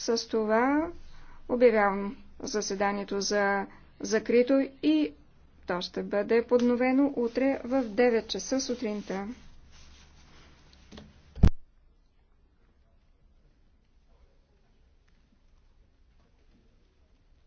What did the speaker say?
С това обявявам заседанието за закрито и то ще бъде подновено утре в 9 часа сутринта.